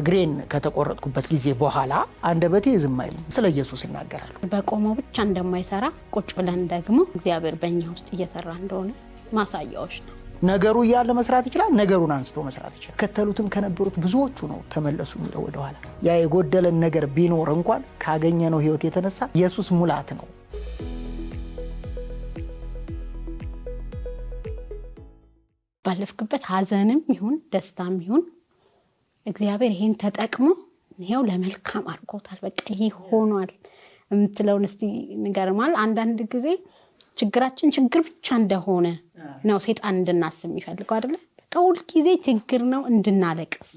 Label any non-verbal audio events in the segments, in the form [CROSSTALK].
እግሬን ከተቆረጥኩበት ጊዜ በኋላ አንደበቴ ዝም አይልም፣ ስለ ኢየሱስ ይናገራል። በቆሞ ብቻ እንደማይሰራ ቁጭ ብለን ደግሞ እግዚአብሔር በእኛ ውስጥ እየሰራ እንደሆነ ማሳያዎች ነው። ነገሩ እያለ መስራት ይችላል። ነገሩን አንስቶ መስራት ይችላል። ከተሉትም ከነበሩት ብዙዎቹ ነው ተመለሱ የሚለው ወደኋላ። ያ የጎደለን ነገር ቢኖር እንኳን ካገኘነው ህይወት የተነሳ ኢየሱስ ሙላት ነው። ባለፍክበት ሀዘንም ይሁን ደስታም ይሁን እግዚአብሔር ይሄን ተጠቅሞ ይሄው ለመልካም አድርጎታል። በቃ ይሄ ሆኗል የምትለውን እስቲ ንገር። ማለት አንዳንድ ጊዜ ችግራችን ችግር ብቻ እንደሆነ ነው ሴጣን እንድናስብ የሚፈልገው አይደለ? በቃ ሁልጊዜ ችግር ነው እንድናለቅስ።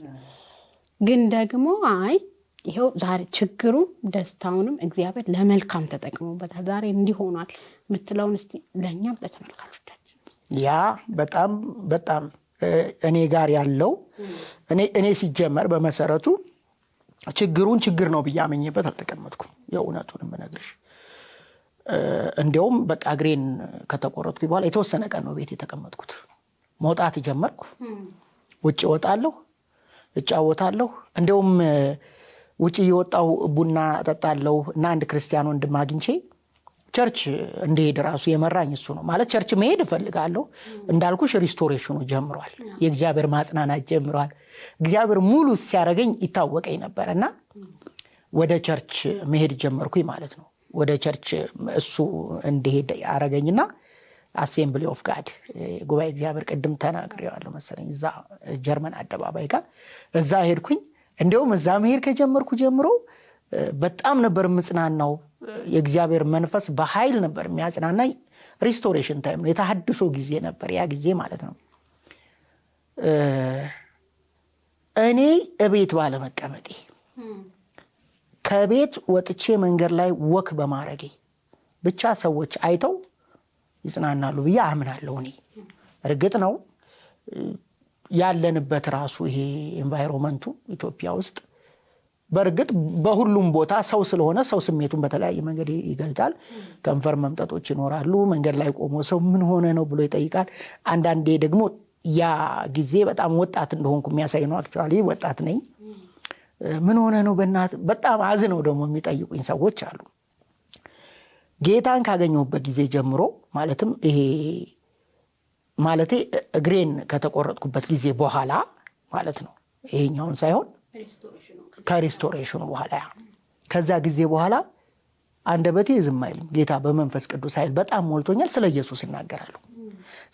ግን ደግሞ አይ ይኸው ዛሬ ችግሩ ደስታውንም እግዚአብሔር ለመልካም ተጠቅሞበታል፣ ዛሬ እንዲሆኗል የምትለውን እስቲ ለእኛም ለተመልካቾቻችን። ያ በጣም በጣም እኔ ጋር ያለው እኔ ሲጀመር በመሰረቱ ችግሩን ችግር ነው ብዬ አመኝበት አልተቀመጥኩም። የእውነቱን የምነግርሽ እንዲያውም በቃ እግሬን ከተቆረጥኩ በኋላ የተወሰነ ቀን ነው ቤት የተቀመጥኩት። መውጣት ጀመርኩ። ውጭ እወጣለሁ፣ እጫወታለሁ። እንዲያውም ውጭ እየወጣሁ ቡና እጠጣለሁ እና አንድ ክርስቲያን ወንድም አግኝቼ ቸርች እንደሄድ ራሱ የመራኝ እሱ ነው። ማለት ቸርች መሄድ እፈልጋለሁ እንዳልኩሽ፣ ሪስቶሬሽኑ ጀምሯል። የእግዚአብሔር ማጽናናት ጀምሯል። እግዚአብሔር ሙሉ ሲያደርገኝ ይታወቀኝ ነበር እና ወደ ቸርች መሄድ ጀመርኩኝ ማለት ነው። ወደ ቸርች እሱ እንደሄድ አረገኝና አሴምብሊ ኦፍ ጋድ ጉባኤ እግዚአብሔር ቅድም ተናግሬዋለሁ መሰለኝ፣ እዛ ጀርመን አደባባይ ጋር እዛ ሄድኩኝ። እንዲሁም እዛ መሄድ ከጀመርኩ ጀምሮ በጣም ነበር ምጽናናው የእግዚአብሔር መንፈስ በኃይል ነበር የሚያጽናና ሪስቶሬሽን ታይም ነው የተሃድሶ ጊዜ ነበር ያ ጊዜ ማለት ነው እኔ እቤት ባለመቀመጤ ከቤት ወጥቼ መንገድ ላይ ወክ በማድረጌ ብቻ ሰዎች አይተው ይጽናናሉ ብዬ አምናለሁ እኔ እርግጥ ነው ያለንበት ራሱ ይሄ ኤንቫይሮመንቱ ኢትዮጵያ ውስጥ በእርግጥ በሁሉም ቦታ ሰው ስለሆነ ሰው ስሜቱን በተለያየ መንገድ ይገልጣል። ከንፈር መምጠጦች ይኖራሉ። መንገድ ላይ ቆሞ ሰው ምን ሆነ ነው ብሎ ይጠይቃል። አንዳንዴ ደግሞ ያ ጊዜ በጣም ወጣት እንደሆንኩ የሚያሳይ ነው። አክቹዋሊ ወጣት ነኝ። ምን ሆነ ነው በእናት በጣም አዝነው ደግሞ የሚጠይቁኝ ሰዎች አሉ። ጌታን ካገኘሁበት ጊዜ ጀምሮ ማለትም ይሄ ማለቴ እግሬን ከተቆረጥኩበት ጊዜ በኋላ ማለት ነው ይሄኛውን ሳይሆን ከሪስቶሬሽኑ በኋላ ከዛ ጊዜ በኋላ አንደበቴ ዝም አይልም። ጌታ በመንፈስ ቅዱስ ኃይል በጣም ሞልቶኛል። ስለ ኢየሱስ ይናገራሉ።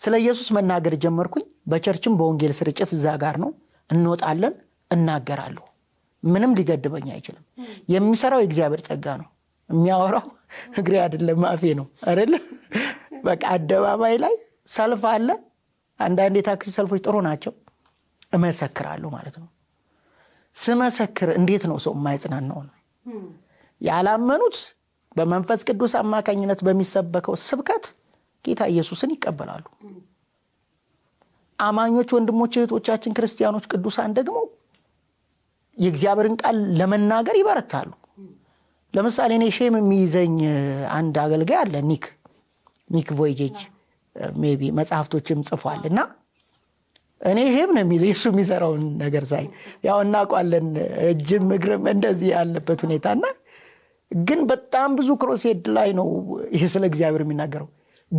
ስለ ኢየሱስ መናገር ጀመርኩኝ። በቸርችም በወንጌል ስርጭት እዛ ጋር ነው፣ እንወጣለን፣ እናገራለሁ። ምንም ሊገድበኝ አይችልም። የሚሰራው የእግዚአብሔር ጸጋ ነው። የሚያወራው እግሬ አይደለም አፌ ነው አይደለ? በቃ አደባባይ ላይ ሰልፍ አለ። አንዳንድ የታክሲ ሰልፎች ጥሩ ናቸው። እመሰክራሉ ማለት ነው። ስመሰክር እንዴት ነው ሰው የማይጽናናው? ነው ያላመኑት በመንፈስ ቅዱስ አማካኝነት በሚሰበከው ስብከት ጌታ ኢየሱስን ይቀበላሉ። አማኞች ወንድሞች እህቶቻችን፣ ክርስቲያኖች ቅዱሳን ደግሞ የእግዚአብሔርን ቃል ለመናገር ይበረታሉ። ለምሳሌ እኔ ሼም የሚይዘኝ አንድ አገልጋይ አለ ኒክ ኒክ ቮይጄጅ ሜይ ቢ መጽሐፍቶችም ጽፏል እና እኔ ይሄም ነው የሚል እሱ የሚሰራውን ነገር ሳይ ያው እናውቋለን፣ እጅም እግርም እንደዚህ ያለበት ሁኔታ እና ግን በጣም ብዙ ክሮሴድ ላይ ነው ይሄ ስለ እግዚአብሔር የሚናገረው።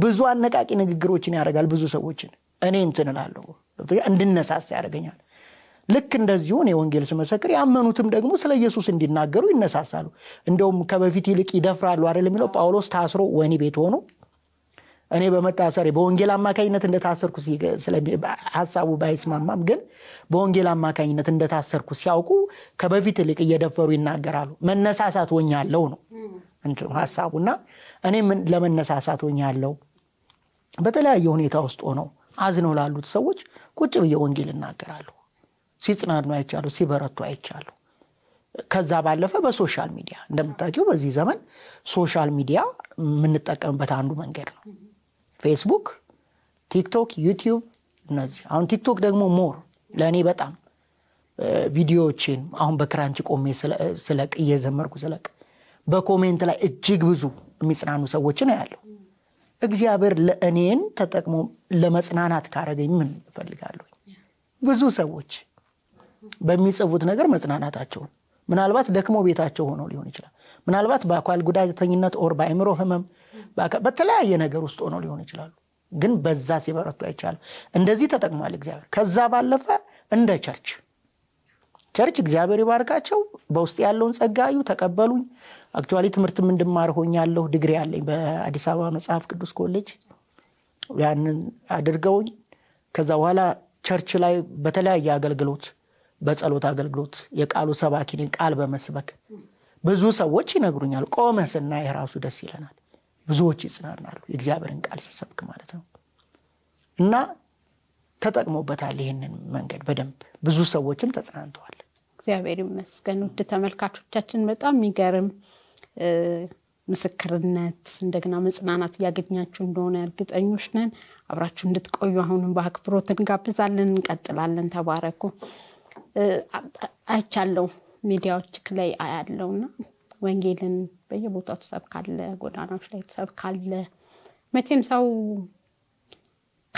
ብዙ አነቃቂ ንግግሮችን ያደርጋል ብዙ ሰዎችን። እኔ እንትን እላለሁ እንድነሳሳ ያደርገኛል። ልክ እንደዚሁ እኔ ወንጌል ስመሰክር ያመኑትም ደግሞ ስለ ኢየሱስ እንዲናገሩ ይነሳሳሉ። እንደውም ከበፊት ይልቅ ይደፍራሉ አይደል የሚለው ጳውሎስ ታስሮ ወህኒ ቤት ሆኖ እኔ በመታሰሬ በወንጌል አማካኝነት እንደታሰርኩ ሀሳቡ ባይስማማም ግን በወንጌል አማካኝነት እንደታሰርኩ ሲያውቁ ከበፊት ይልቅ እየደፈሩ ይናገራሉ። መነሳሳት ያለው ነው ሀሳቡና እኔ ለመነሳሳት ያለው በተለያየ ሁኔታ ውስጥ ሆነው አዝነው ላሉት ሰዎች ቁጭ ብዬ ወንጌል እናገራሉ ሲጽናኑ አይቻሉ፣ ሲበረቱ አይቻሉ። ከዛ ባለፈ በሶሻል ሚዲያ እንደምታቸው በዚህ ዘመን ሶሻል ሚዲያ የምንጠቀምበት አንዱ መንገድ ነው። ፌስቡክ፣ ቲክቶክ፣ ዩቲዩብ እነዚህ አሁን ቲክቶክ ደግሞ ሞር ለእኔ በጣም ቪዲዮዎችን አሁን በክራንች ቆሜ ስለቅ እየዘመርኩ ስለቅ በኮሜንት ላይ እጅግ ብዙ የሚጽናኑ ሰዎችን ያለው እግዚአብሔር ለእኔን ተጠቅሞ ለመጽናናት ካረገኝ ምን እፈልጋለሁ? ብዙ ሰዎች በሚጽፉት ነገር መጽናናታቸውን ምናልባት ደክሞ ቤታቸው ሆነው ሊሆን ይችላል ምናልባት በአኳል ጉዳተኝነት ኦር በአእምሮ ህመም በተለያየ ነገር ውስጥ ሆነው ሊሆን ይችላሉ። ግን በዛ ሲበረቱ አይቻልም። እንደዚህ ተጠቅሟል እግዚአብሔር። ከዛ ባለፈ እንደ ቸርች ቸርች እግዚአብሔር ይባርካቸው። በውስጥ ያለውን ጸጋዩ ተቀበሉኝ። አክቹዋሊ ትምህርትም እንድማር ሆኛለሁ። ድግሪ አለኝ በአዲስ አበባ መጽሐፍ ቅዱስ ኮሌጅ ያንን አድርገውኝ ከዛ በኋላ ቸርች ላይ በተለያየ አገልግሎት፣ በጸሎት አገልግሎት የቃሉ ሰባኪን ቃል በመስበክ ብዙ ሰዎች ይነግሩኛል። ቆመ ስናይ ራሱ ደስ ይለናል። ብዙዎች ይጽናናሉ፣ የእግዚአብሔርን ቃል ሲሰብክ ማለት ነው። እና ተጠቅሞበታል ይህንን መንገድ በደንብ ብዙ ሰዎችም ተጽናንተዋል። እግዚአብሔር ይመስገን። ውድ ተመልካቾቻችን በጣም የሚገርም ምስክርነት እንደገና መጽናናት እያገኛችሁ እንደሆነ እርግጠኞች ነን። አብራችሁ እንድትቆዩ አሁንም በአክብሮት እንጋብዛለን። እንቀጥላለን። ተባረኩ። አይቻለው ሚዲያዎች ላይ እና ወንጌልን በየቦታው ትሰብካለ፣ ጎዳናዎች ላይ ትሰብካለ። መቼም ሰው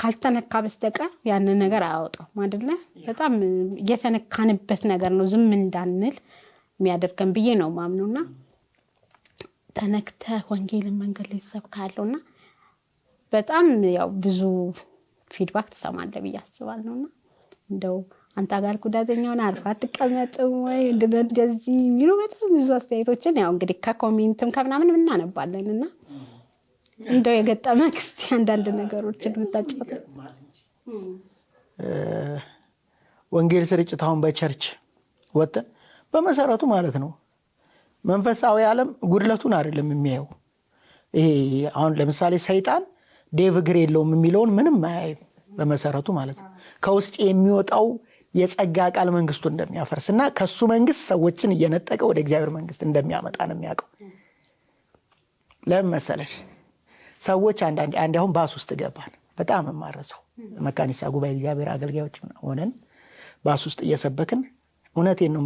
ካልተነካ በስተቀር ያንን ነገር አያወጣውም አይደለ? በጣም እየተነካንበት ነገር ነው ዝም እንዳንል የሚያደርገን ብዬ ነው ማምነው እና ተነክተ ወንጌልን መንገድ ላይ ትሰብካለሁ እና በጣም ያው ብዙ ፊድባክ ትሰማለ ብዬ አስባለሁ እና እንደው አንተ ጋር ጉዳተኛውን አርፋ አትቀመጥም ወይ እንደዚህ የሚሉ በጣም ብዙ አስተያየቶችን ያው እንግዲህ ከኮሜንትም ከምናምን እናነባለን እና እንደው የገጠመ ክስቲ አንዳንድ ነገሮችን ብታጫወት። ወንጌል ስርጭት አሁን በቸርች ወጥን በመሰረቱ ማለት ነው መንፈሳዊ ዓለም ጉድለቱን አይደለም የሚያየው። ይሄ አሁን ለምሳሌ ሰይጣን ዴቭ እግር የለውም የሚለውን ምንም አያይም በመሰረቱ ማለት ነው ከውስጥ የሚወጣው የጸጋ ቃል መንግስቱ እንደሚያፈርስ እና ከሱ መንግስት ሰዎችን እየነጠቀ ወደ እግዚአብሔር መንግስት እንደሚያመጣ ነው የሚያውቀው። ለምን መሰለሽ ሰዎች አንዳንድ አንድ አሁን ባስ ውስጥ ገባን። በጣም የማረሰው መካኒሳ ጉባኤ እግዚአብሔር አገልጋዮች ሆነን ባስ ውስጥ እየሰበክን እውነቴን ነው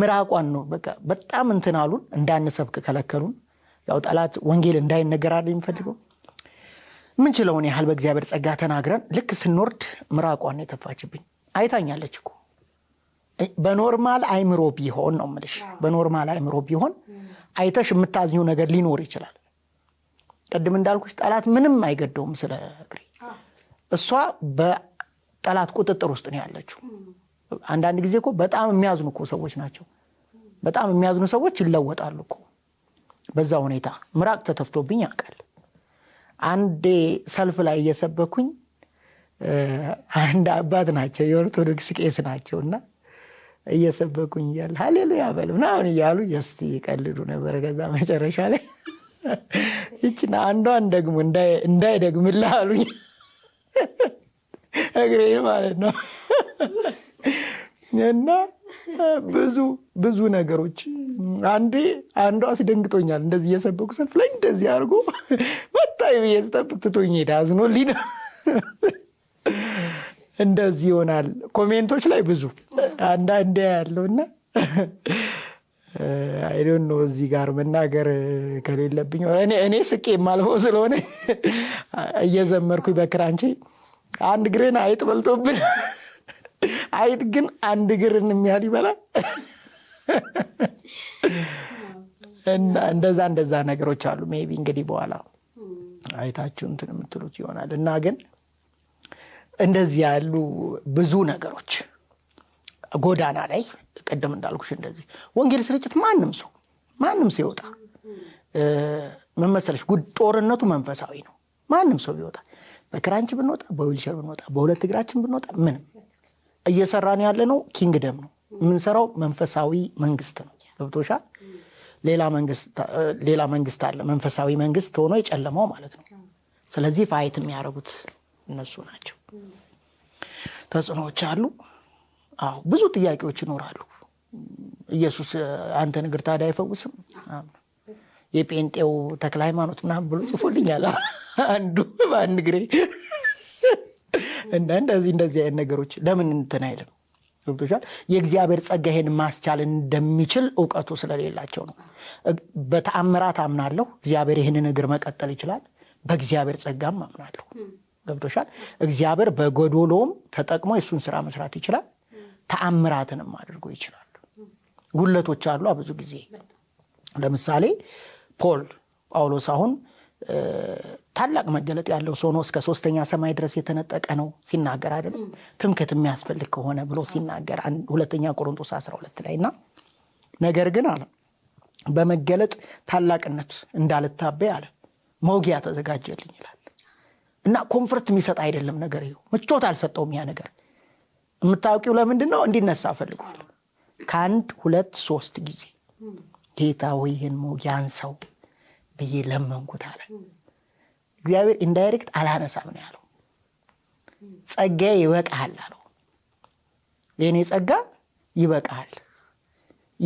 ምራቋን ነው በቃ በጣም እንትን አሉን፣ እንዳንሰብክ ከለከሉን። ያው ጠላት ወንጌል እንዳይነገር አለ የሚፈልገው ምንችለውን ያህል በእግዚአብሔር ጸጋ ተናግረን ልክ ስንወርድ ምራቋን ነው የተፋችብኝ። አይታኛለች እኮ በኖርማል አይምሮ ቢሆን ነው ምልሽ በኖርማል አይምሮ ቢሆን አይተሽ የምታዝኙ ነገር ሊኖር ይችላል ቅድም እንዳልኩሽ ጠላት ምንም አይገደውም ስለ እግሬ እሷ በጠላት ቁጥጥር ውስጥ ነው ያለችው አንዳንድ ጊዜ እኮ በጣም የሚያዝኑ እኮ ሰዎች ናቸው በጣም የሚያዝኑ ሰዎች ይለወጣሉ እኮ በዛ ሁኔታ ምራቅ ተተፍቶብኝ ያውቃል አንዴ ሰልፍ ላይ እየሰበኩኝ አንድ አባት ናቸው፣ የኦርቶዶክስ ቄስ ናቸው እና እየሰበኩኝ እያለ ሀሌሉያ በል ምናምን እያሉ የስቲ ይቀልዱ ነበረ። ከዛ መጨረሻ ላይ ይችን አንዷን ደግሞ እንዳይደግምልህ አሉኝ። እግሬን ማለት ነው እና ብዙ ብዙ ነገሮች አንዴ አንዷ አስደንግጦኛል። እንደዚህ እየሰበኩ ሰልፍ ላይ እንደዚህ አድርጎ መጣ ብዬ ስጠብቅ ትቶኝ ሄደ አዝኖልኝ ነው። እንደዚህ ይሆናል። ኮሜንቶች ላይ ብዙ አንዳንዴ ያለው እና አይዶን ነው እዚህ ጋር መናገር ከሌለብኝ እኔ ስቄ የማልፈው ስለሆነ እየዘመርኩ በክራንቺ አንድ ግርን አይጥ በልቶብን አይጥ ግን አንድ ግርን የሚያል ይበላል። እንደዛ እንደዛ ነገሮች አሉ። ሜቢ እንግዲህ በኋላ አይታችሁ እንትን የምትሉት ይሆናል እና ግን እንደዚህ ያሉ ብዙ ነገሮች ጎዳና ላይ ቀደም እንዳልኩሽ እንደዚህ ወንጌል ስርጭት ማንም ሰው ማንም ሰው ይወጣ መመሰለሽ ጉድ ጦርነቱ መንፈሳዊ ነው። ማንም ሰው ቢወጣ በክራንች ብንወጣ፣ በዊልቸር ብንወጣ፣ በሁለት እግራችን ብንወጣ ምንም እየሰራን ያለ ነው ደም ነው የምንሰራው መንፈሳዊ መንግስት ነው። ገብቶሻል? ሌላ መንግስት አለ መንፈሳዊ መንግስት ሆኖ የጨለመው ማለት ነው። ስለዚህ ፋይት የሚያደርጉት እነሱ ናቸው። ተጽዕኖዎች አሉ። አዎ ብዙ ጥያቄዎች ይኖራሉ። ኢየሱስ አንተ እግር ታዲያ አይፈውስም? የጴንጤው ተክለ ሃይማኖት ምናምን ብሎ ጽፎልኛል አንዱ በአንድ ግሬ እና እንደዚህ እንደዚህ አይነት ነገሮች ለምን እንትን አይልም? ገብቶሻል። የእግዚአብሔር ጸጋ ይሄን ማስቻል እንደሚችል እውቀቱ ስለሌላቸው ነው። በተአምራት አምናለሁ። እግዚአብሔር ይህንን እግር መቀጠል ይችላል። በእግዚአብሔር ጸጋም አምናለሁ። ገብቶሻል። እግዚአብሔር በጎዶሎም ተጠቅሞ የእሱን ስራ መስራት ይችላል። ተአምራትንም አድርጎ ይችላሉ። ጉለቶች አሉ። ብዙ ጊዜ ለምሳሌ ፖል ጳውሎስ አሁን ታላቅ መገለጥ ያለው ሰው ነው፣ እስከ ሶስተኛ ሰማይ ድረስ የተነጠቀ ነው ሲናገር አይደለም ትምክህት የሚያስፈልግ ከሆነ ብሎ ሲናገር ሁለተኛ ቆሮንቶስ 12 ላይ እና ነገር ግን አለ በመገለጥ ታላቅነት እንዳልታበይ አለ መውጊያ ተዘጋጀልኝ ይላል። እና ኮንፈርት የሚሰጥ አይደለም ነገር ይኸው ምቾት አልሰጠውም ያ ነገር የምታውቂው ለምንድን ነው እንዲነሳ ፈልጓል ከአንድ ሁለት ሶስት ጊዜ ጌታ ወይ ይህን ሰው ብዬ ለመንኩት አለ እግዚአብሔር ኢንዳይሬክት አላነሳም ነው ያለው ጸጋ ይበቃል አለው የእኔ ጸጋ ይበቃል።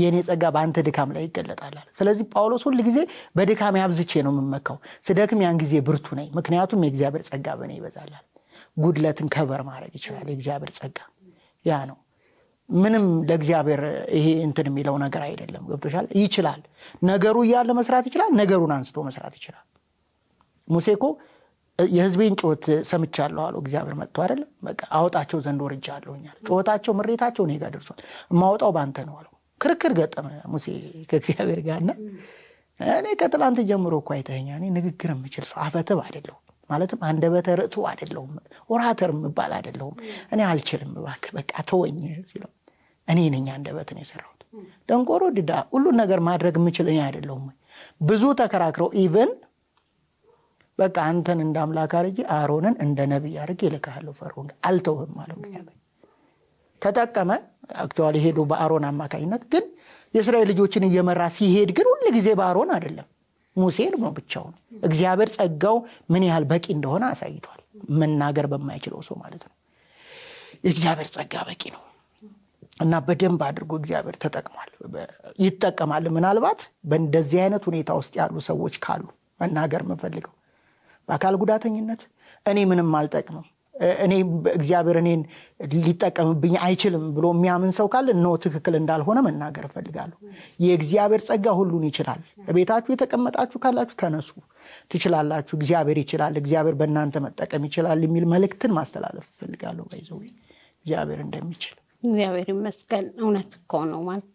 የእኔ ጸጋ በአንተ ድካም ላይ ይገለጣላል ስለዚህ ጳውሎስ ሁል ጊዜ በድካም ያብዝቼ ነው የምመካው፣ ስደክም ያን ጊዜ ብርቱ ነኝ፣ ምክንያቱም የእግዚአብሔር ጸጋ በእኔ ይበዛላል። ጉድለትን ከበር ማድረግ ይችላል የእግዚአብሔር ጸጋ። ያ ነው ምንም ለእግዚአብሔር ይሄ እንትን የሚለው ነገር አይደለም። ገብቶሻል? ይችላል ነገሩ እያለ መስራት ይችላል። ነገሩን አንስቶ መስራት ይችላል። ሙሴኮ የህዝቤን የሕዝቤን ጩኸት ሰምቻለሁ አለ እግዚአብሔር መጥቶ አይደለም በቃ አወጣቸው ዘንድ ወርጃ አለሁኛል ጩኸታቸው፣ ምሬታቸው ኔጋ ደርሷል፣ የማወጣው በአንተ ነው አለው። ክርክር ገጠመ ሙሴ ከእግዚአብሔር ጋርና እኔ ከትላንት ጀምሮ እኮ አይተኸኛ እኔ ንግግር የምችል ሰው አፈትብ አይደለሁም ማለትም አንደበተ ርዕቱ አይደለሁም ኦራተር የምባል አይደለሁም እኔ አልችልም እባክህ በቃ ተወኝ ሲለው እኔ ነኝ አንደበት ነው የሰራሁት ደንቆሮ ድዳ ሁሉን ነገር ማድረግ የምችል እኔ አይደለሁም ብዙ ተከራክረው ኢቨን በቃ አንተን እንደ አምላክ አድርጌ አሮንን እንደ ነቢይ አድርጌ እልክሃለሁ ፈርዖን አልተውህም አለው እግዚአብሔር ተጠቀመ አክቹዋሊ ሄዶ በአሮን አማካኝነት ግን የእስራኤል ልጆችን እየመራ ሲሄድ ግን ሁል ጊዜ በአሮን አይደለም ሙሴን ነው ብቻውን። እግዚአብሔር ጸጋው ምን ያህል በቂ እንደሆነ አሳይቷል። መናገር በማይችለው ሰው ማለት ነው። የእግዚአብሔር ጸጋ በቂ ነው እና በደንብ አድርጎ እግዚአብሔር ተጠቅሟል፣ ይጠቀማል። ምናልባት በእንደዚህ አይነት ሁኔታ ውስጥ ያሉ ሰዎች ካሉ መናገር የምፈልገው በአካል ጉዳተኝነት እኔ ምንም አልጠቅምም እኔ እግዚአብሔር እኔን ሊጠቀምብኝ አይችልም ብሎ የሚያምን ሰው ካለ ኖ ትክክል እንዳልሆነ መናገር እፈልጋለሁ። የእግዚአብሔር ጸጋ ሁሉን ይችላል። ቤታችሁ የተቀመጣችሁ ካላችሁ ተነሱ፣ ትችላላችሁ፣ እግዚአብሔር ይችላል፣ እግዚአብሔር በእናንተ መጠቀም ይችላል የሚል መልእክትን ማስተላለፍ እፈልጋለሁ። ይዘው እግዚአብሔር እንደሚችል እግዚአብሔር ይመስገን። እውነት እኮ ነው ማለት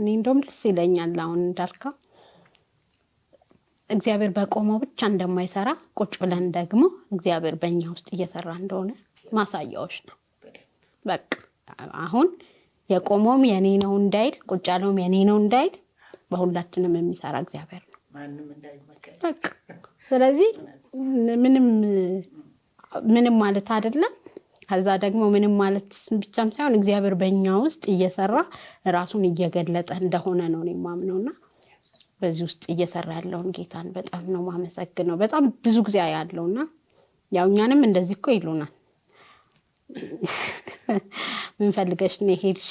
እኔ እንደም ደስ ይለኛል አሁን እንዳልካ እግዚአብሔር በቆመው ብቻ እንደማይሰራ ቁጭ ብለን ደግሞ እግዚአብሔር በእኛ ውስጥ እየሰራ እንደሆነ ማሳያዎች ነው። በቃ አሁን የቆመውም የኔ ነው እንዳይል፣ ቁጭ ያለውም የኔ ነው እንዳይል በሁላችንም የሚሰራ እግዚአብሔር ነው። ስለዚህ ምንም ምንም ማለት አይደለም። ከዛ ደግሞ ምንም ማለት ብቻም ሳይሆን እግዚአብሔር በእኛ ውስጥ እየሰራ ራሱን እየገለጠ እንደሆነ ነው እኔ በዚህ ውስጥ እየሰራ ያለውን ጌታን በጣም ነው ማመሰግነው። በጣም ብዙ ጊዜ ያለው እና ያው እኛንም እንደዚህ እኮ ይሉናል። [LAUGHS] ምን ፈልገሽ ነው ሄድሽ?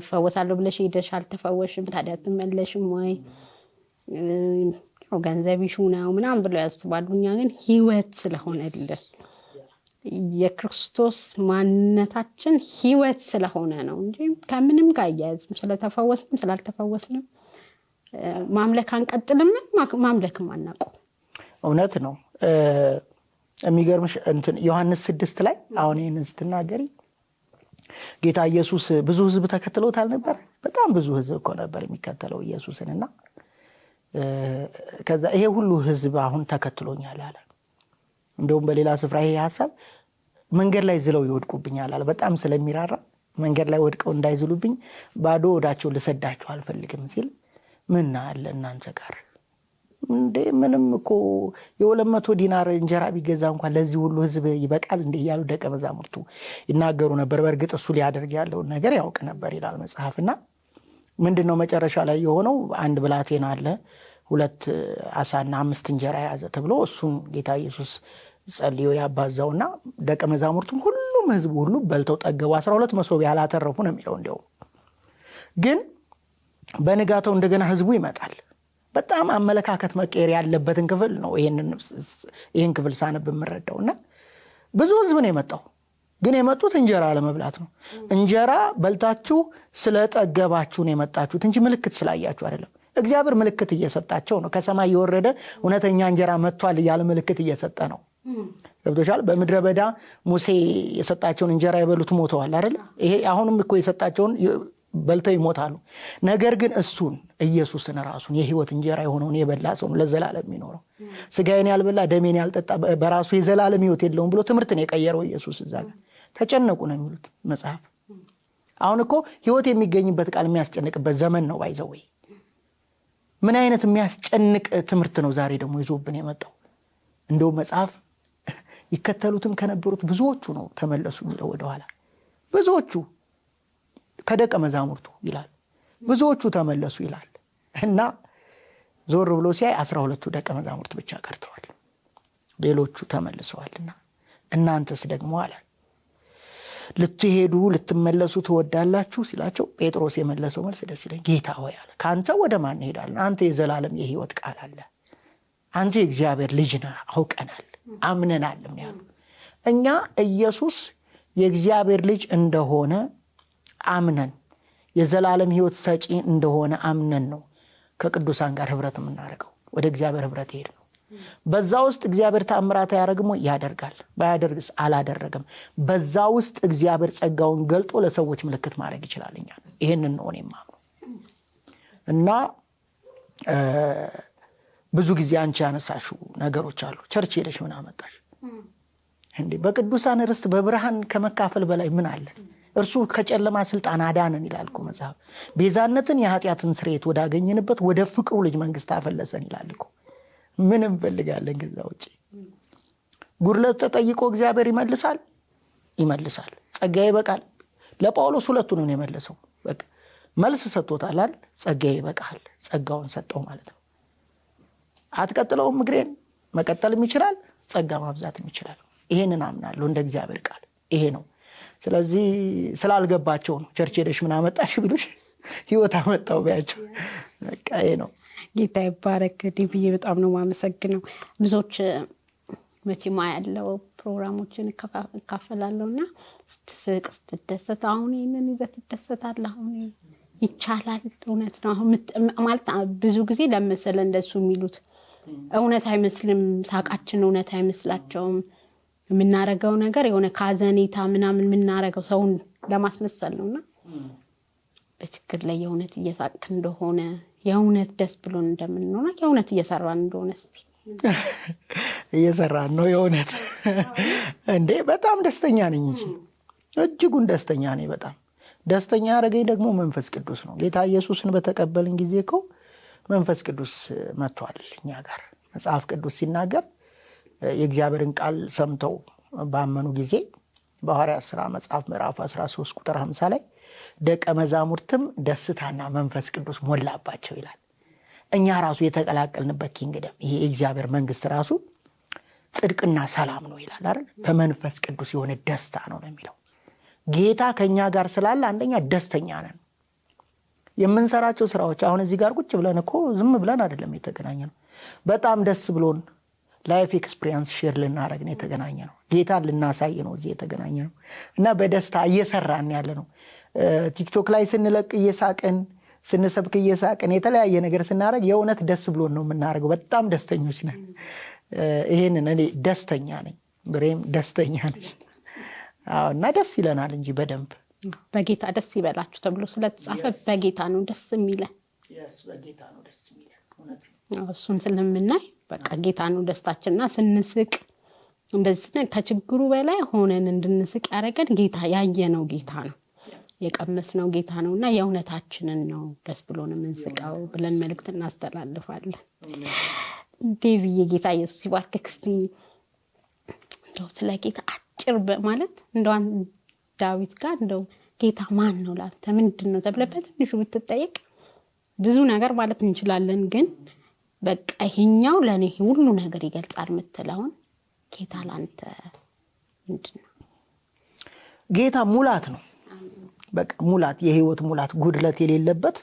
እፈወሳለሁ ብለሽ ሄደሽ አልተፈወሽም፣ ታዲያ ትመለሽም ወይ? ይሹ ነው ምናምን ብለው ያስባሉ። እኛ ግን ህይወት ስለሆነልን የክርስቶስ ማንነታችን ህይወት ስለሆነ ነው እንጂ ከምንም ጋር አያያዝም። ስለተፈወስንም ስላልተፈወስንም ማምለክ አንቀጥልም፣ ማምለክም አናውቀው። እውነት ነው። የሚገርምሽ እንትን ዮሐንስ ስድስት ላይ አሁን ይህንን ስትናገሪ ጌታ ኢየሱስ ብዙ ህዝብ ተከትሎታል ነበር። በጣም ብዙ ህዝብ እኮ ነበር የሚከተለው ኢየሱስን እና ከዛ ይሄ ሁሉ ህዝብ አሁን ተከትሎኛል አለ። እንደውም በሌላ ስፍራ ይሄ ሀሳብ መንገድ ላይ ዝለው ይወድቁብኛል አለ። በጣም ስለሚራራ መንገድ ላይ ወድቀው እንዳይዝሉብኝ ባዶ ወዳቸው ልሰዳቸው አልፈልግም ሲል ምን አለ እናንተ ጋር እንዴ? ምንም እኮ የሁለት መቶ ዲናር እንጀራ ቢገዛ እንኳን ለዚህ ሁሉ ህዝብ ይበቃል እንዴ? እያሉ ደቀ መዛሙርቱ ይናገሩ ነበር። በእርግጥ እሱ ሊያደርግ ያለውን ነገር ያውቅ ነበር ይላል መጽሐፍና ምንድን ነው መጨረሻ ላይ የሆነው? አንድ ብላቴና አለ ሁለት አሳና አምስት እንጀራ የያዘ ተብሎ እሱን ጌታ ኢየሱስ ጸልዮ ያባዛውና ደቀ መዛሙርቱም ሁሉም ህዝቡ ሁሉ በልተው ጠገቡ። አስራ ሁለት መሶብ ያላተረፉ ነው የሚለው እንዲያውም ግን በንጋተው እንደገና ህዝቡ ይመጣል። በጣም አመለካከት መቀየር ያለበትን ክፍል ነው ይህን ክፍል ሳነብ የምረዳው እና ብዙ ህዝብ ነው የመጣው። ግን የመጡት እንጀራ ለመብላት ነው። እንጀራ በልታችሁ ስለጠገባችሁ ነው የመጣችሁት እንጂ ምልክት ስላያችሁ አይደለም። እግዚአብሔር ምልክት እየሰጣቸው ነው። ከሰማይ የወረደ እውነተኛ እንጀራ መጥቷል እያለ ምልክት እየሰጠ ነው። ገብቶሻል። በምድረ በዳ ሙሴ የሰጣቸውን እንጀራ የበሉት ሞተዋል አይደለ? ይሄ አሁንም እኮ የሰጣቸውን በልተው ይሞታሉ። ነገር ግን እሱን ኢየሱስን ራሱን የህይወት እንጀራ የሆነውን የበላ ሰው ለዘላለም የሚኖረው ስጋዬን ያልበላ ደሜን ያልጠጣ በራሱ የዘላለም ህይወት የለውም ብሎ ትምህርትን የቀየረው ኢየሱስ እዛ ጋር ተጨነቁ ነው የሚሉት መጽሐፍ። አሁን እኮ ህይወት የሚገኝበት ቃል የሚያስጨንቅበት ዘመን ነው። ባይዘወይ ምን አይነት የሚያስጨንቅ ትምህርት ነው ዛሬ ደግሞ ይዞብን የመጣው። እንደው መጽሐፍ ይከተሉትም ከነበሩት ብዙዎቹ ነው ተመለሱ የሚለው ወደኋላ ብዙዎቹ ከደቀ መዛሙርቱ ይላል ብዙዎቹ ተመለሱ ይላል እና ዞር ብሎ ሲያይ አስራ ሁለቱ ደቀ መዛሙርት ብቻ ቀርተዋል ሌሎቹ ተመልሰዋልና እናንተስ ደግሞ አለ ልትሄዱ ልትመለሱ ትወዳላችሁ ሲላቸው ጴጥሮስ የመለሰው መልስ ደስ ይለኝ ጌታ ሆይ አለ ከአንተ ወደ ማን እንሄዳለን አንተ የዘላለም የህይወት ቃል አለ አንተ የእግዚአብሔር ልጅ ና አውቀናል አምነናል ያሉ እኛ ኢየሱስ የእግዚአብሔር ልጅ እንደሆነ አምነን የዘላለም ህይወት ሰጪ እንደሆነ አምነን ነው ከቅዱሳን ጋር ህብረት የምናደርገው ወደ እግዚአብሔር ህብረት ሄድ ነው በዛ ውስጥ እግዚአብሔር ታምራት አያደርግሞ ያደርጋል ባያደርግስ አላደረገም በዛ ውስጥ እግዚአብሔር ጸጋውን ገልጦ ለሰዎች ምልክት ማድረግ ይችላል እኛን ይህንን ነው እኔ እና ብዙ ጊዜ አንቺ ያነሳሹ ነገሮች አሉ ቸርች ሄደሽ ምን አመጣሽ እንዴ በቅዱሳን ርስት በብርሃን ከመካፈል በላይ ምን አለን እርሱ ከጨለማ ስልጣን አዳነን ይላል እኮ መጽሐፍ። ቤዛነትን የኃጢአትን ስርየት ወዳገኘንበት ወደ ፍቅሩ ልጅ መንግስት አፈለሰን ይላል እኮ። ምን እንፈልጋለን ከዛ ውጭ? ጉድለት ተጠይቆ እግዚአብሔር ይመልሳል ይመልሳል። ጸጋ ይበቃል። ለጳውሎስ ሁለቱንም የመለሰው በቃ መልስ ሰጥቶታላል። ጸጋ ይበቃል፣ ጸጋውን ሰጠው ማለት ነው። አትቀጥለውም እግሬን መቀጠልም ይችላል፣ ጸጋ ማብዛትም ይችላል። ይሄንን አምናለሁ እንደ እግዚአብሔር ቃል ይሄ ነው። ስለዚህ ስላልገባቸው ነው ቸርች ሄደሽ ምን አመጣሽ ቢሉሽ ህይወት አመጣው ቢያቸው ቀይ ነው። ጌታ ይባረክ ዲብዬ፣ በጣም ነው ማመሰግነው። ብዙዎች መቼማ ያለው ፕሮግራሞችን እካፈላለሁ እና ስትስቅ ስትደሰት፣ አሁን ይህንን ይዘህ ትደሰታለህ፣ አሁን ይቻላል። እውነት ነው። ማለት ብዙ ጊዜ ለመሰለ እንደሱ የሚሉት እውነት አይመስልም፣ ሳቃችን እውነት አይመስላቸውም። የምናረገው ነገር የሆነ ካዘኔታ ምናምን የምናረገው ሰውን ለማስመሰል እና በችግር ላይ የእውነት እየሳቅ እንደሆነ የእውነት ደስ ብሎን እንደምንሆነ የእውነት እየሰራን እንደሆነ እስኪ [LAUGHS] እየሰራን ነው የእውነት [LAUGHS] እንዴ በጣም ደስተኛ ነኝ እንጂ እጅጉን ደስተኛ ነኝ በጣም ደስተኛ ያደረገኝ ደግሞ መንፈስ ቅዱስ ነው ጌታ ኢየሱስን በተቀበልን ጊዜ ከው መንፈስ ቅዱስ መጥቷል እኛ ጋር መጽሐፍ ቅዱስ ሲናገር የእግዚአብሔርን ቃል ሰምተው ባመኑ ጊዜ በሐዋርያት ሥራ መጽሐፍ ምዕራፍ 13 ቁጥር 50 ላይ ደቀ መዛሙርትም ደስታና መንፈስ ቅዱስ ሞላባቸው ይላል። እኛ ራሱ የተቀላቀልንበት ኪንግደም ይሄ የእግዚአብሔር መንግስት ራሱ ጽድቅና ሰላም ነው ይላል አይደል? በመንፈስ ቅዱስ የሆነ ደስታ ነው ነው የሚለው ጌታ ከእኛ ጋር ስላለ አንደኛ ደስተኛ ነን። የምንሰራቸው ስራዎች አሁን እዚህ ጋር ቁጭ ብለን እኮ ዝም ብለን አይደለም የተገናኘ ነው። በጣም ደስ ብሎን ላይፍ ኤክስፒሪንስ ሼር ልናደረግ ነው የተገናኘ ነው። ጌታን ልናሳይ ነው እዚህ የተገናኘ ነው እና በደስታ እየሰራን ያለ ነው። ቲክቶክ ላይ ስንለቅ እየሳቅን ስንሰብክ እየሳቅን የተለያየ ነገር ስናደረግ የእውነት ደስ ብሎን ነው የምናደርገው። በጣም ደስተኞች ነን። ይህንን እኔ ደስተኛ ነኝ፣ ብሬም ደስተኛ ነኝ እና ደስ ይለናል እንጂ በደንብ በጌታ ደስ ይበላችሁ ተብሎ ስለተጻፈ በጌታ ነው ደስ የሚለን። በጌታ ነው ደስ የሚለን እውነት ነው። እሱን ስለምናይ በቃ ጌታ ነው ደስታችን እና ስንስቅ እንደዚህ ከችግሩ በላይ ሆነን እንድንስቅ ያደረገን ጌታ ያየ ነው ጌታ ነው የቀመስ ነው ጌታ ነው እና የእውነታችንን ነው ደስ ብሎን የምንስቀው ብለን መልእክት እናስተላልፋለን። እንዴ ብዬ ጌታ ኢየሱስ ይባርክ። ክስቲ እንደው ስለ ጌታ አጭር ማለት እንደው ዳዊት ጋር እንደው ጌታ ማን ነው ላንተ ምንድን ነው ተብለበት ትንሹ ብትጠየቅ ብዙ ነገር ማለት እንችላለን ግን በቃ ይሄኛው ለኔ ሁሉ ነገር ይገልጻል የምትለውን ጌታ ላንተ ምንድን ነው? ጌታ ሙላት ነው። በቃ ሙላት፣ የህይወት ሙላት፣ ጉድለት የሌለበት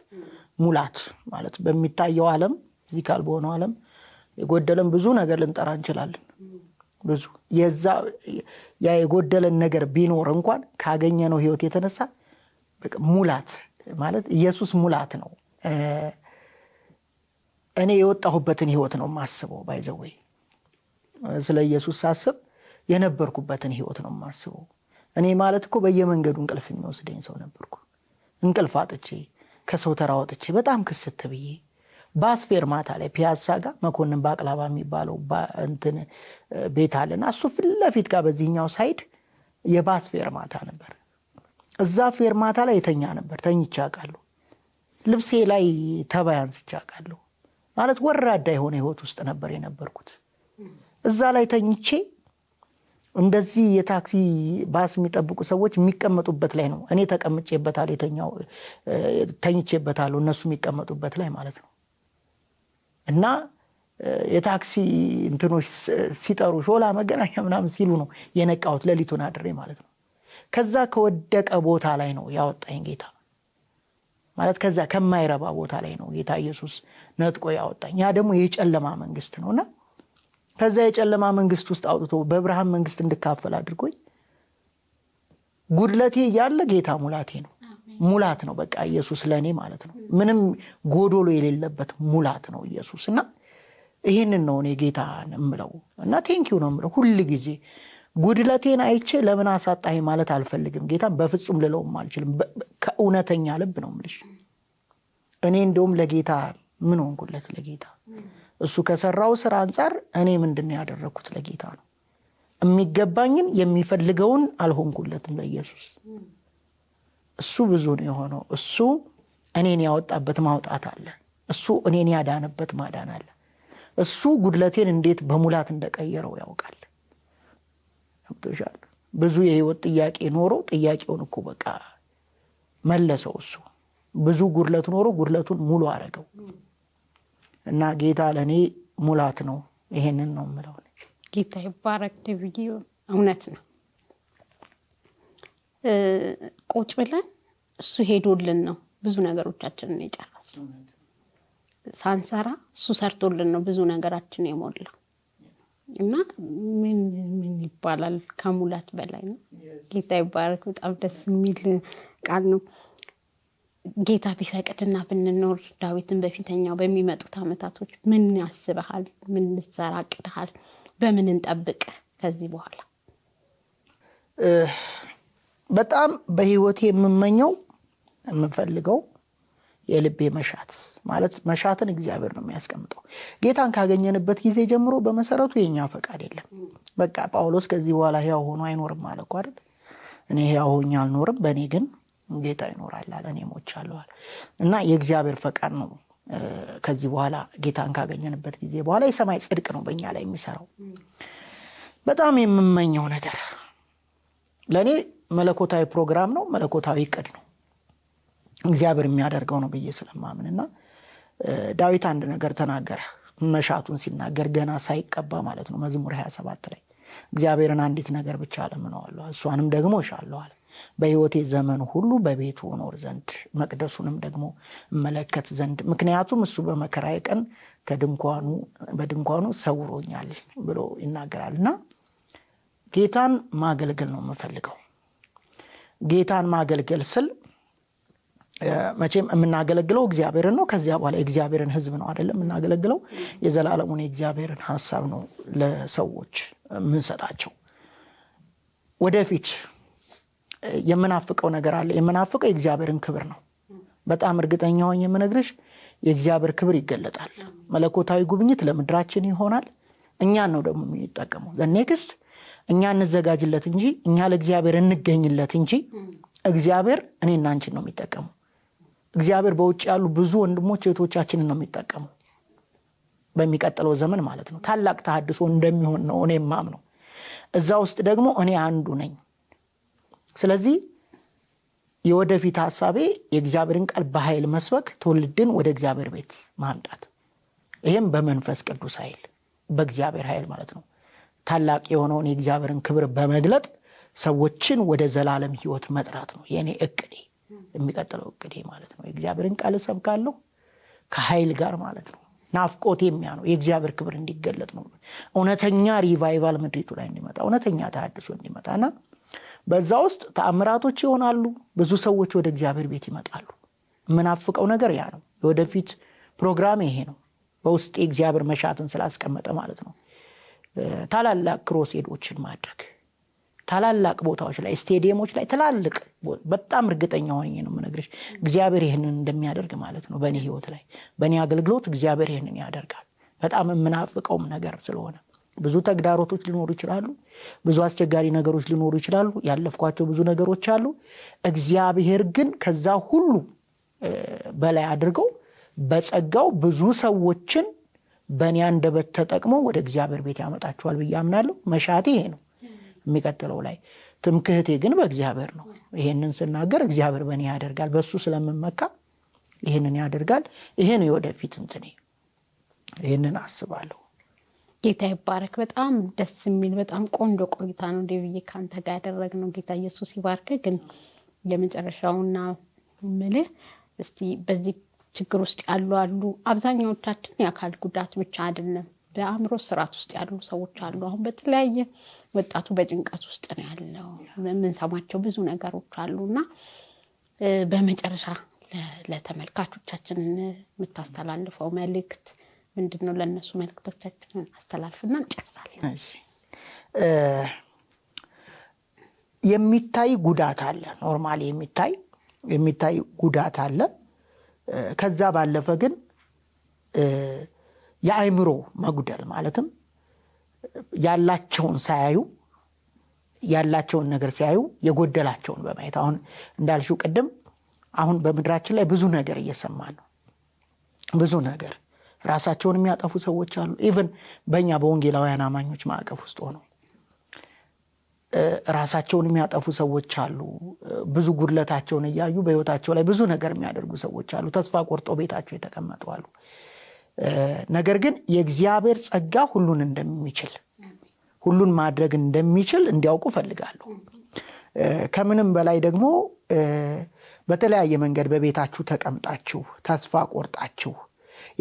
ሙላት ማለት በሚታየው ዓለም ፊዚካል በሆነው ዓለም የጎደለን ብዙ ነገር ልንጠራ እንችላለን። ብዙ የዛ ያ የጎደለን ነገር ቢኖር እንኳን ካገኘነው ህይወት የተነሳ ሙላት ማለት ኢየሱስ ሙላት ነው። እኔ የወጣሁበትን ህይወት ነው የማስበው። ባይዘወይ ስለ ኢየሱስ ሳስብ የነበርኩበትን ህይወት ነው የማስበው። እኔ ማለት እኮ በየመንገዱ እንቅልፍ የሚወስደኝ ሰው ነበርኩ። እንቅልፍ አጥቼ ከሰው ተራ ወጥቼ በጣም ክስት ብዬ በአስፌር ማታ ላይ ፒያሳ ጋር መኮንን ባቅላባ የሚባለው እንትን ቤት አለና እሱ ፊት ለፊት ጋር በዚህኛው ሳይድ የባስፌር ማታ ነበር። እዛ ፌርማታ ላይ የተኛ ነበር ተኝቼ አውቃለሁ። ልብሴ ላይ ተባይ አንስቼ አውቃለሁ። ማለት ወራዳ የሆነ ህይወት ውስጥ ነበር የነበርኩት። እዛ ላይ ተኝቼ እንደዚህ የታክሲ ባስ የሚጠብቁ ሰዎች የሚቀመጡበት ላይ ነው እኔ ተቀምጬበታል ተኝቼበታለሁ እነሱ የሚቀመጡበት ላይ ማለት ነው እና የታክሲ እንትኖች ሲጠሩ ሾላ መገናኛ ምናምን ሲሉ ነው የነቃሁት ሌሊቱን አድሬ ማለት ነው ከዛ ከወደቀ ቦታ ላይ ነው ያወጣኝ ጌታ ማለት ከዛ ከማይረባ ቦታ ላይ ነው ጌታ ኢየሱስ ነጥቆ ያወጣኝ። ያ ደግሞ የጨለማ መንግስት ነውና ከዛ የጨለማ መንግስት ውስጥ አውጥቶ በብርሃን መንግስት እንድካፈል አድርጎኝ ጉድለቴ እያለ ጌታ ሙላቴ ነው። ሙላት ነው በቃ ኢየሱስ ለእኔ ማለት ነው። ምንም ጎዶሎ የሌለበት ሙላት ነው ኢየሱስ እና ይህንን ነው እኔ ጌታ እምለው እና ቴንኪው ነው እምለው ሁል ጊዜ ጉድለቴን አይቼ ለምን አሳጣኝ ማለት አልፈልግም። ጌታ በፍጹም ልለውም አልችልም። ከእውነተኛ ልብ ነው ምልሽ። እኔ እንደውም ለጌታ ምን ሆንኩለት? ለጌታ እሱ ከሰራው ስራ አንጻር እኔ ምንድን ያደረግኩት ለጌታ ነው። የሚገባኝን የሚፈልገውን አልሆንኩለትም ለኢየሱስ። እሱ ብዙ ነው የሆነው። እሱ እኔን ያወጣበት ማውጣት አለ። እሱ እኔን ያዳነበት ማዳን አለ። እሱ ጉድለቴን እንዴት በሙላት እንደቀየረው ያውቃል። ገብቶሻል። ብዙ የህይወት ጥያቄ ኖሮ ጥያቄውን እኮ በቃ መለሰው እሱ። ብዙ ጉድለት ኖሮ ጉድለቱን ሙሉ አረገው እና ጌታ ለእኔ ሙላት ነው። ይሄንን ነው የምለው። ጌታ ይባረክ። ደብዬ እውነት ነው። ቁጭ ብለን እሱ ሄዶልን ነው ብዙ ነገሮቻችንን የጨረስነው። ሳንሰራ እሱ ሰርቶልን ነው ብዙ ነገራችን የሞላ እና ምን ምን ይባላል ከሙላት በላይ ነው። ጌታ ይባረክ። በጣም ደስ የሚል ቃል ነው። ጌታ ቢፈቅድና ብንኖር ዳዊትን በፊተኛው በሚመጡት አመታቶች ምን ያስበሃል? ምን ልትሰራ አቅድሃል? በምን እንጠብቅ? ከዚህ በኋላ በጣም በህይወቴ የምመኘው የምንፈልገው የልቤ መሻት ማለት መሻትን እግዚአብሔር ነው የሚያስቀምጠው። ጌታን ካገኘንበት ጊዜ ጀምሮ በመሰረቱ የኛ ፈቃድ የለም። በቃ ጳውሎስ ከዚህ በኋላ ያው ሆኖ አይኖርም ማለት አይደል? እኔ ያው ሆኜ አልኖርም፣ በእኔ ግን ጌታ ይኖራል አለ። እኔ ሞቻለሁ አለ እና የእግዚአብሔር ፈቃድ ነው። ከዚህ በኋላ ጌታን ካገኘንበት ጊዜ በኋላ የሰማይ ጽድቅ ነው በእኛ ላይ የሚሰራው። በጣም የምመኘው ነገር ለእኔ መለኮታዊ ፕሮግራም ነው፣ መለኮታዊ እቅድ ነው፣ እግዚአብሔር የሚያደርገው ነው ብዬ ስለማምን እና ዳዊት አንድ ነገር ተናገረ። መሻቱን ሲናገር ገና ሳይቀባ ማለት ነው። መዝሙር 27 ላይ እግዚአብሔርን አንዲት ነገር ብቻ እለምነዋለሁ እሷንም ደግሞ እሻለሁ በህይወቴ ዘመን ሁሉ በቤቱ ኖር ዘንድ መቅደሱንም ደግሞ መለከት ዘንድ ምክንያቱም እሱ በመከራዬ ቀን ከድንኳኑ በድንኳኑ ሰውሮኛል ብሎ ይናገራል። እና ጌታን ማገልገል ነው የምፈልገው። ጌታን ማገልገል ስል መቼም የምናገለግለው እግዚአብሔርን ነው። ከዚያ በኋላ የእግዚአብሔርን ሕዝብ ነው አይደለም የምናገለግለው። የዘላለሙን የእግዚአብሔርን ሀሳብ ነው ለሰዎች የምንሰጣቸው። ወደፊት የምናፍቀው ነገር አለ። የምናፍቀው የእግዚአብሔርን ክብር ነው። በጣም እርግጠኛ ሆኜ የምነግርሽ የእግዚአብሔር ክብር ይገለጣል። መለኮታዊ ጉብኝት ለምድራችን ይሆናል። እኛን ነው ደግሞ የሚጠቀመው። ኔክስት እኛ እንዘጋጅለት እንጂ እኛ ለእግዚአብሔር እንገኝለት እንጂ እግዚአብሔር እኔና እናንችን ነው የሚጠቀመው። እግዚአብሔር በውጭ ያሉ ብዙ ወንድሞች እህቶቻችንን ነው የሚጠቀመው በሚቀጥለው ዘመን ማለት ነው። ታላቅ ተሃድሶ እንደሚሆን ነው እኔ ማም ነው። እዛ ውስጥ ደግሞ እኔ አንዱ ነኝ። ስለዚህ የወደፊት ሀሳቤ የእግዚአብሔርን ቃል በኃይል መስበክ፣ ትውልድን ወደ እግዚአብሔር ቤት ማምጣት፣ ይህም በመንፈስ ቅዱስ ኃይል በእግዚአብሔር ኃይል ማለት ነው። ታላቅ የሆነውን የእግዚአብሔርን ክብር በመግለጥ ሰዎችን ወደ ዘላለም ህይወት መጥራት ነው የእኔ እቅዴ። የሚቀጥለው እቅዴ ማለት ነው። የእግዚአብሔርን ቃል እሰብካለሁ ከኃይል ጋር ማለት ነው። ናፍቆት የሚያ ነው። የእግዚአብሔር ክብር እንዲገለጥ ነው። እውነተኛ ሪቫይቫል ምድሪቱ ላይ እንዲመጣ፣ እውነተኛ ተሃድሶ እና በዛ ውስጥ ተአምራቶች ይሆናሉ። ብዙ ሰዎች ወደ እግዚአብሔር ቤት ይመጣሉ። የምናፍቀው ነገር ያ ነው። የወደፊት ፕሮግራም ይሄ ነው። በውስጥ የእግዚአብሔር መሻትን ስላስቀመጠ ማለት ነው። ታላላቅ ክሮሴዶችን ማድረግ ታላላቅ ቦታዎች ላይ ስቴዲየሞች ላይ ትላልቅ በጣም እርግጠኛ ሆኜ ነው የምነግርሽ፣ እግዚአብሔር ይህንን እንደሚያደርግ ማለት ነው። በእኔ ህይወት ላይ በእኔ አገልግሎት እግዚአብሔር ይህንን ያደርጋል። በጣም የምናፍቀውም ነገር ስለሆነ ብዙ ተግዳሮቶች ሊኖሩ ይችላሉ። ብዙ አስቸጋሪ ነገሮች ሊኖሩ ይችላሉ። ያለፍኳቸው ብዙ ነገሮች አሉ። እግዚአብሔር ግን ከዛ ሁሉ በላይ አድርገው በጸጋው ብዙ ሰዎችን በእኔ አንደበት ተጠቅሞ ወደ እግዚአብሔር ቤት ያመጣቸዋል ብዬ አምናለሁ። መሻቴ ይሄ ነው። የሚቀጥለው ላይ ትምክህቴ ግን በእግዚአብሔር ነው። ይሄንን ስናገር እግዚአብሔር በእኔ ያደርጋል፣ በእሱ ስለምመካ ይህንን ያደርጋል። ይሄን የወደፊት እንትኔ ይህንን አስባለሁ። ጌታ ይባረክ። በጣም ደስ የሚል በጣም ቆንጆ ቆይታ ነው ደብዬ ከአንተ ጋር ነው ጌታ ኢየሱስ ይባርክ። ግን የመጨረሻውና ምልህ እስቲ በዚህ ችግር ውስጥ ያሉ አሉ አብዛኛዎቻችን የአካል ጉዳት ብቻ አይደለም በአእምሮ ስርዓት ውስጥ ያሉ ሰዎች አሉ። አሁን በተለያየ ወጣቱ በጭንቀት ውስጥ ነው ያለው። የምንሰማቸው ብዙ ነገሮች አሉ እና በመጨረሻ ለተመልካቾቻችን የምታስተላልፈው መልእክት ምንድን ነው? ለእነሱ መልእክቶቻችንን አስተላልፍና እንጨርሳለን። የሚታይ ጉዳት አለ። ኖርማሊ የሚታይ የሚታይ ጉዳት አለ። ከዛ ባለፈ ግን የአእምሮ መጉደል ማለትም ያላቸውን ሳያዩ ያላቸውን ነገር ሲያዩ የጎደላቸውን በማየት አሁን እንዳልሽው ቅድም አሁን በምድራችን ላይ ብዙ ነገር እየሰማ ነው። ብዙ ነገር ራሳቸውን የሚያጠፉ ሰዎች አሉ። ኢቨን በእኛ በወንጌላውያን አማኞች ማዕቀፍ ውስጥ ሆኖ ራሳቸውን የሚያጠፉ ሰዎች አሉ። ብዙ ጉድለታቸውን እያዩ በህይወታቸው ላይ ብዙ ነገር የሚያደርጉ ሰዎች አሉ። ተስፋ ቆርጦ ቤታቸው የተቀመጡ አሉ። ነገር ግን የእግዚአብሔር ጸጋ ሁሉን እንደሚችል ሁሉን ማድረግ እንደሚችል እንዲያውቁ ፈልጋለሁ። ከምንም በላይ ደግሞ በተለያየ መንገድ በቤታችሁ ተቀምጣችሁ ተስፋ ቆርጣችሁ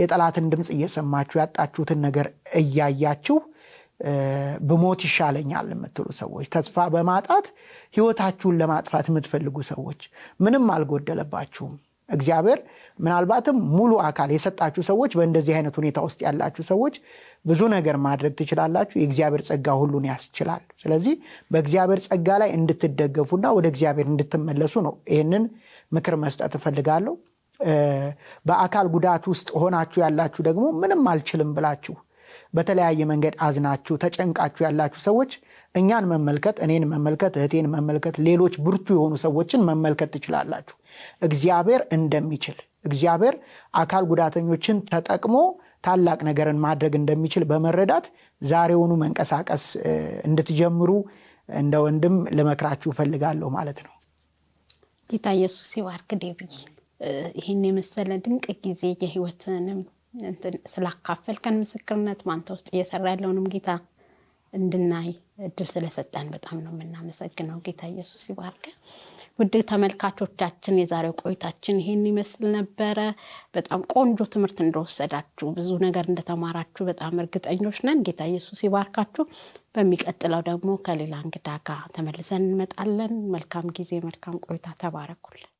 የጠላትን ድምፅ እየሰማችሁ ያጣችሁትን ነገር እያያችሁ ብሞት ይሻለኛል የምትሉ ሰዎች፣ ተስፋ በማጣት ህይወታችሁን ለማጥፋት የምትፈልጉ ሰዎች ምንም አልጎደለባችሁም። እግዚአብሔር ምናልባትም ሙሉ አካል የሰጣችሁ ሰዎች በእንደዚህ አይነት ሁኔታ ውስጥ ያላችሁ ሰዎች ብዙ ነገር ማድረግ ትችላላችሁ። የእግዚአብሔር ጸጋ ሁሉን ያስችላል። ስለዚህ በእግዚአብሔር ጸጋ ላይ እንድትደገፉና ወደ እግዚአብሔር እንድትመለሱ ነው ይህንን ምክር መስጠት እፈልጋለሁ። በአካል ጉዳት ውስጥ ሆናችሁ ያላችሁ ደግሞ ምንም አልችልም ብላችሁ በተለያየ መንገድ አዝናችሁ ተጨንቃችሁ ያላችሁ ሰዎች እኛን መመልከት፣ እኔን መመልከት፣ እህቴን መመልከት፣ ሌሎች ብርቱ የሆኑ ሰዎችን መመልከት ትችላላችሁ። እግዚአብሔር እንደሚችል እግዚአብሔር አካል ጉዳተኞችን ተጠቅሞ ታላቅ ነገርን ማድረግ እንደሚችል በመረዳት ዛሬውኑ መንቀሳቀስ እንድትጀምሩ እንደ ወንድም ልመክራችሁ ፈልጋለሁ ማለት ነው። ጌታ ኢየሱስ ይባርክ። ይህን የመሰለ ድንቅ ጊዜ የህይወትንም ስላካፈልከን ምስክርነት ማንተ ውስጥ እየሰራ ያለውንም ጌታ እንድናይ እድል ስለሰጠን በጣም ነው የምናመሰግነው። ጌታ ኢየሱስ ይባርከ። ውድ ተመልካቾቻችን የዛሬው ቆይታችን ይሄን ይመስል ነበረ። በጣም ቆንጆ ትምህርት እንደወሰዳችሁ፣ ብዙ ነገር እንደተማራችሁ በጣም እርግጠኞች ነን። ጌታ ኢየሱስ ይባርካችሁ። በሚቀጥለው ደግሞ ከሌላ እንግዳ ጋር ተመልሰን እንመጣለን። መልካም ጊዜ፣ መልካም ቆይታ። ተባረኩልን።